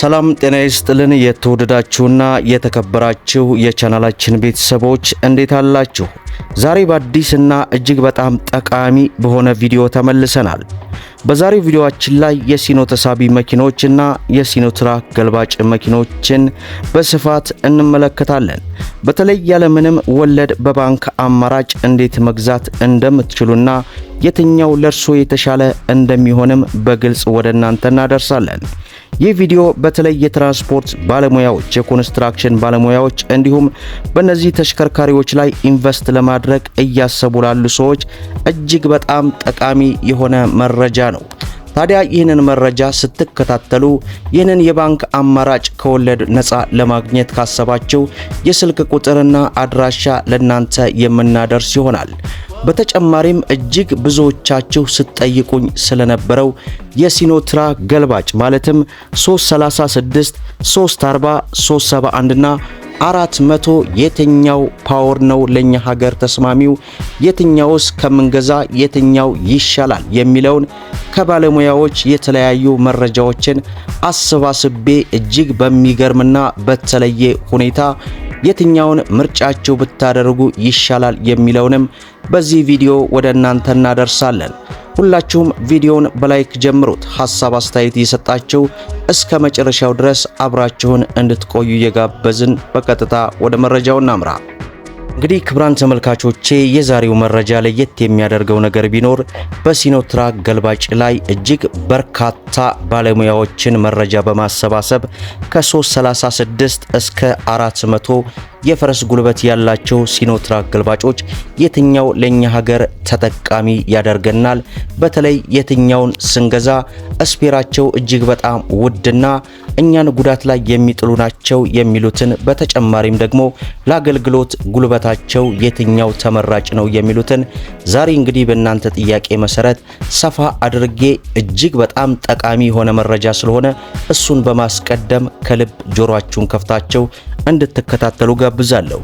ሰላም ጤና ይስጥልን። የተወደዳችሁና የተከበራችሁ የቻናላችን ቤተሰቦች እንዴት አላችሁ? ዛሬ በአዲስና እጅግ በጣም ጠቃሚ በሆነ ቪዲዮ ተመልሰናል። በዛሬው ቪዲዮአችን ላይ የሲኖ ተሳቢ መኪኖችና የሲኖ ትራክ ገልባጭ መኪኖችን በስፋት እንመለከታለን። በተለይ ያለምንም ወለድ በባንክ አማራጭ እንዴት መግዛት እንደምትችሉና የትኛው ለእርሶ የተሻለ እንደሚሆንም በግልጽ ወደ እናንተ እናደርሳለን። ይህ ቪዲዮ በተለይ የትራንስፖርት ባለሙያዎች፣ የኮንስትራክሽን ባለሙያዎች እንዲሁም በእነዚህ ተሽከርካሪዎች ላይ ኢንቨስት ለማድረግ እያሰቡ ላሉ ሰዎች እጅግ በጣም ጠቃሚ የሆነ መረጃ ነው። ታዲያ ይህንን መረጃ ስትከታተሉ ይህንን የባንክ አማራጭ ከወለድ ነፃ ለማግኘት ካሰባችሁ የስልክ ቁጥርና አድራሻ ለእናንተ የምናደርስ ይሆናል። በተጨማሪም እጅግ ብዙዎቻችሁ ስትጠይቁኝ ስለነበረው የሲኖትራ ገልባጭ ማለትም 336፣ 340፣ 371 ና አራት መቶ የትኛው ፓወር ነው ለኛ ሀገር ተስማሚው? የትኛውስ ከምንገዛ የትኛው ይሻላል የሚለውን ከባለሙያዎች የተለያዩ መረጃዎችን አሰባስቤ እጅግ በሚገርምና በተለየ ሁኔታ የትኛውን ምርጫቸው ብታደርጉ ይሻላል የሚለውንም በዚህ ቪዲዮ ወደ እናንተ እናደርሳለን። ሁላችሁም ቪዲዮውን በላይክ ጀምሩት። ሐሳብ አስተያየት እየሰጣችሁ እስከ መጨረሻው ድረስ አብራችሁን እንድትቆዩ እየጋበዝን በቀጥታ ወደ መረጃው እናምራ። እንግዲህ ክብራን ተመልካቾቼ የዛሬው መረጃ ለየት የሚያደርገው ነገር ቢኖር በሲኖትራክ ገልባጭ ላይ እጅግ በርካታ ባለሙያዎችን መረጃ በማሰባሰብ ከ336 እስከ 400 የፈረስ ጉልበት ያላቸው ሲኖትራክ ገልባጮች የትኛው ለኛ ሀገር ተጠቃሚ ያደርገናል? በተለይ የትኛውን ስንገዛ እስፔራቸው እጅግ በጣም ውድና እኛን ጉዳት ላይ የሚጥሉ ናቸው የሚሉትን በተጨማሪም ደግሞ ለአገልግሎት ጉልበታቸው የትኛው ተመራጭ ነው የሚሉትን ዛሬ እንግዲህ በእናንተ ጥያቄ መሰረት ሰፋ አድርጌ እጅግ በጣም ጠቃሚ የሆነ መረጃ ስለሆነ እሱን በማስቀደም ከልብ ጆሮአችሁን ከፍታቸው እንድትከታተሉ ጋብዛለሁ።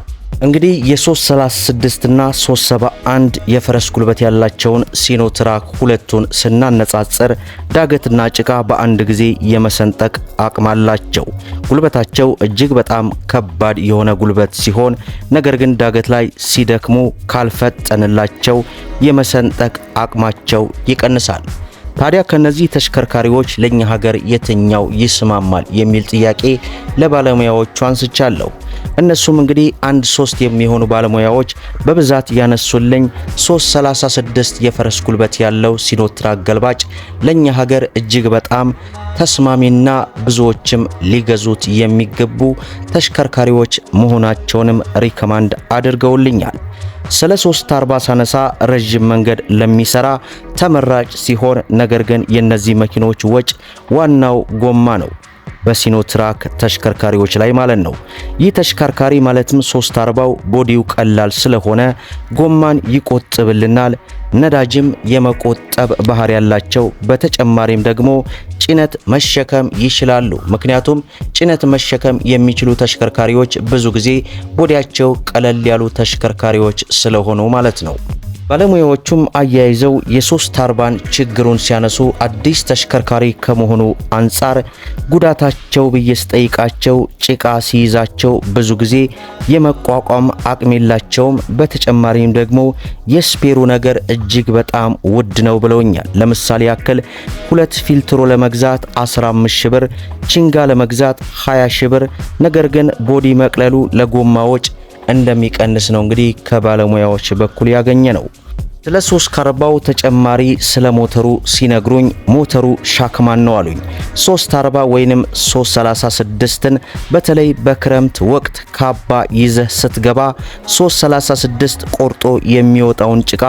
እንግዲህ የ336 እና 371 የፈረስ ጉልበት ያላቸውን ሲኖትራክ ሁለቱን ስናነጻጽር ዳገትና ጭቃ በአንድ ጊዜ የመሰንጠቅ አቅም አላቸው። ጉልበታቸው እጅግ በጣም ከባድ የሆነ ጉልበት ሲሆን፣ ነገር ግን ዳገት ላይ ሲደክሙ ካልፈጠንላቸው የመሰንጠቅ አቅማቸው ይቀንሳል። ታዲያ ከነዚህ ተሽከርካሪዎች ለኛ ሀገር የትኛው ይስማማል የሚል ጥያቄ ለባለሙያዎቹ አንስቻለሁ። እነሱም እንግዲህ አንድ ሶስት የሚሆኑ ባለሙያዎች በብዛት ያነሱልኝ 336 የፈረስ ጉልበት ያለው ሲኖትራክ ገልባጭ ለኛ ሀገር እጅግ በጣም ተስማሚና ብዙዎችም ሊገዙት የሚገቡ ተሽከርካሪዎች መሆናቸውንም ሪከማንድ አድርገውልኛል። ስለ 340 ሳነሳ ረዥም መንገድ ለሚሰራ ተመራጭ ሲሆን ነገር ግን የነዚህ መኪኖች ወጪ ዋናው ጎማ ነው። በሲኖትራክ ተሽከርካሪዎች ላይ ማለት ነው። ይህ ተሽከርካሪ ማለትም 340 ቦዲው ቀላል ስለሆነ ጎማን ይቆጥብልናል። ነዳጅም የመቆጠብ ባህሪ ያላቸው በተጨማሪም ደግሞ ጭነት መሸከም ይችላሉ። ምክንያቱም ጭነት መሸከም የሚችሉ ተሽከርካሪዎች ብዙ ጊዜ ቦዲያቸው ቀለል ያሉ ተሽከርካሪዎች ስለሆኑ ማለት ነው። ባለሙያዎቹም አያይዘው የሶስት አርባን ችግሩን ሲያነሱ አዲስ ተሽከርካሪ ከመሆኑ አንጻር ጉዳታቸው ብዬ ስጠይቃቸው ጭቃ ሲይዛቸው ብዙ ጊዜ የመቋቋም አቅም የላቸውም። በተጨማሪም ደግሞ የስፔሩ ነገር እጅግ በጣም ውድ ነው ብለውኛል። ለምሳሌ ያክል ሁለት ፊልትሮ ለመግዛት 15 ሺህ ብር፣ ቺንጋ ለመግዛት 20 ሺህ ብር፣ ነገር ግን ቦዲ መቅለሉ ለጎማዎች እንደሚቀንስ ነው እንግዲህ ከባለሙያዎች በኩል ያገኘ ነው። ስለ 3 ካርባው ተጨማሪ ስለ ሞተሩ ሲነግሩኝ ሞተሩ ሻክማን ነው አሉኝ። ሶስት አርባ ወይንም 336ን በተለይ በክረምት ወቅት ካባ ይዘ ስትገባ 336 ቆርጦ የሚወጣውን ጭቃ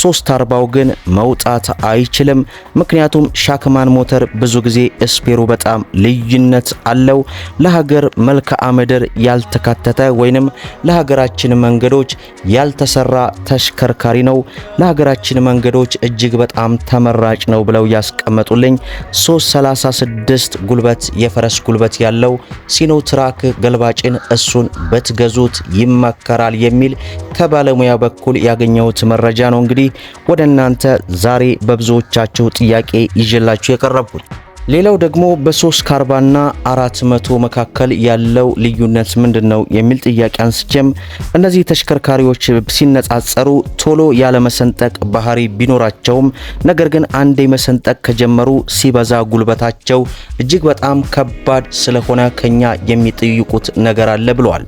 ሶስት አርባው ግን መውጣት አይችልም። ምክንያቱም ሻክማን ሞተር ብዙ ጊዜ ስፔሩ በጣም ልዩነት አለው። ለሀገር መልክዓ ምድር ያልተካተተ ወይንም ለሀገራችን መንገዶች ያልተሰራ ተሽከርካሪ ነው። ለሀገራችን መንገዶች እጅግ በጣም ተመራጭ ነው ብለው ያስቀመጡልኝ 336 ጉልበት የፈረስ ጉልበት ያለው ሲኖትራክ ገልባጭን እሱን በትገዙት ይመከራል የሚል ከባለሙያ በኩል ያገኘሁት መረጃ ነው። እንግዲህ ወደ እናንተ ዛሬ በብዙዎቻችሁ ጥያቄ ይዤላችሁ የቀረብኩት ሌላው ደግሞ በ3 ከ40ና 400 መካከል ያለው ልዩነት ምንድን ነው የሚል ጥያቄ አንስቼም እነዚህ ተሽከርካሪዎች ሲነጻጸሩ ቶሎ ያለመሰንጠቅ ባህሪ ቢኖራቸውም ነገር ግን አንዴ መሰንጠቅ ከጀመሩ ሲበዛ ጉልበታቸው እጅግ በጣም ከባድ ስለሆነ ከኛ የሚጠይቁት ነገር አለ ብለዋል።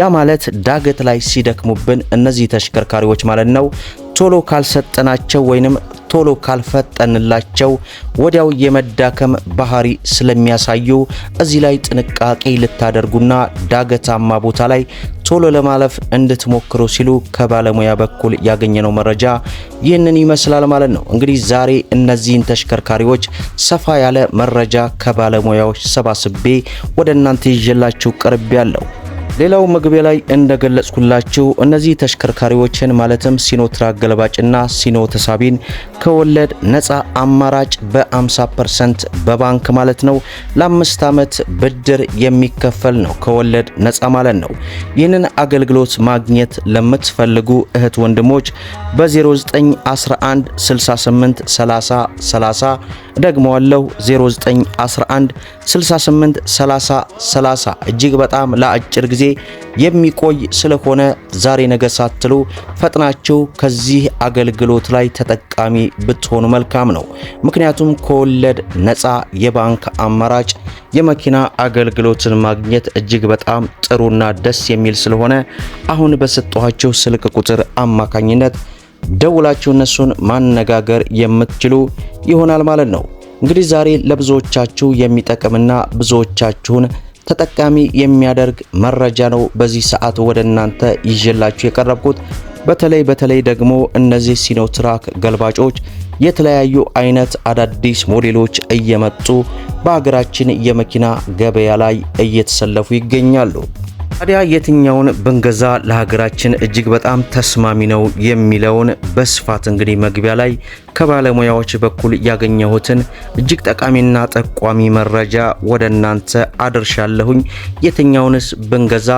ያ ማለት ዳገት ላይ ሲደክሙብን እነዚህ ተሽከርካሪዎች ማለት ነው ቶሎ ካልሰጠናቸው ወይንም ቶሎ ካልፈጠንላቸው ወዲያው የመዳከም ባህሪ ስለሚያሳዩ እዚህ ላይ ጥንቃቄ ልታደርጉና ዳገታማ ቦታ ላይ ቶሎ ለማለፍ እንድትሞክሩ ሲሉ ከባለሙያ በኩል ያገኘነው መረጃ ይህንን ይመስላል ማለት ነው። እንግዲህ ዛሬ እነዚህን ተሽከርካሪዎች ሰፋ ያለ መረጃ ከባለሙያዎች ሰባስቤ ወደ እናንተ ይዤላችሁ ቅርብ ያለው ሌላው መግቢያ ላይ እንደገለጽኩላችሁ እነዚህ ተሽከርካሪዎችን ማለትም ሲኖትራክ ገለባጭና ሲኖ ተሳቢን ከወለድ ነፃ አማራጭ በ50% በባንክ ማለት ነው ለአምስት ዓመት ብድር የሚከፈል ነው። ከወለድ ነፃ ማለት ነው። ይህንን አገልግሎት ማግኘት ለምትፈልጉ እህት ወንድሞች በ0911 68 30 30 ደግመዋለሁ 0911 68 30 30 እጅግ በጣም ለአጭር ጊዜ የሚቆይ ስለሆነ ዛሬ ነገ ሳትሉ ፈጥናችሁ ከዚህ አገልግሎት ላይ ተጠቃሚ ብትሆኑ መልካም ነው። ምክንያቱም ከወለድ ነፃ የባንክ አማራጭ የመኪና አገልግሎትን ማግኘት እጅግ በጣም ጥሩና ደስ የሚል ስለሆነ አሁን በሰጠኋቸው ስልክ ቁጥር አማካኝነት ደውላችሁ እነሱን ማነጋገር የምትችሉ ይሆናል ማለት ነው። እንግዲህ ዛሬ ለብዙዎቻችሁ የሚጠቅምና ብዙዎቻችሁን ተጠቃሚ የሚያደርግ መረጃ ነው በዚህ ሰዓት ወደ እናንተ ይዤላችሁ የቀረብኩት። በተለይ በተለይ ደግሞ እነዚህ ሲኖትራክ ገልባጮች የተለያዩ አይነት አዳዲስ ሞዴሎች እየመጡ በሀገራችን የመኪና ገበያ ላይ እየተሰለፉ ይገኛሉ። ታዲያ የትኛውን ብንገዛ ለሀገራችን እጅግ በጣም ተስማሚ ነው የሚለውን በስፋት እንግዲህ መግቢያ ላይ ከባለሙያዎች በኩል ያገኘሁትን እጅግ ጠቃሚና ጠቋሚ መረጃ ወደ እናንተ አድርሻለሁኝ። የትኛውንስ ብንገዛ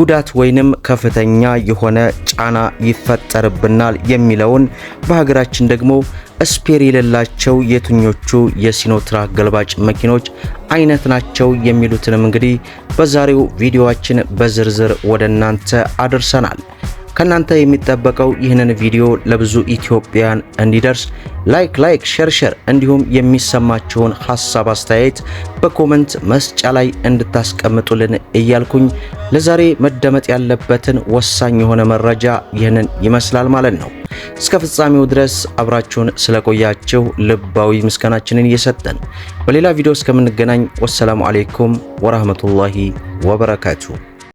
ጉዳት ወይንም ከፍተኛ የሆነ ጫና ይፈጠርብናል የሚለውን በሀገራችን ደግሞ ስፔር የሌላቸው የትኞቹ የሲኖትራክ ገልባጭ መኪኖች አይነት ናቸው የሚሉትንም እንግዲህ በዛሬው ቪዲዮአችን በዝርዝር ወደ እናንተ አድርሰናል። ከእናንተ የሚጠበቀው ይህንን ቪዲዮ ለብዙ ኢትዮጵያን እንዲደርስ ላይክ ላይክ ሸር ሸር እንዲሁም የሚሰማችሁን ሀሳብ አስተያየት በኮመንት መስጫ ላይ እንድታስቀምጡልን እያልኩኝ ለዛሬ መደመጥ ያለበትን ወሳኝ የሆነ መረጃ ይህንን ይመስላል ማለት ነው። እስከ ፍጻሜው ድረስ አብራችሁን ስለቆያችሁ ልባዊ ምስጋናችንን እየሰጠን በሌላ ቪዲዮ እስከምንገናኝ ወሰላሙ አሌይኩም ወራህመቱላሂ ወበረካቱ።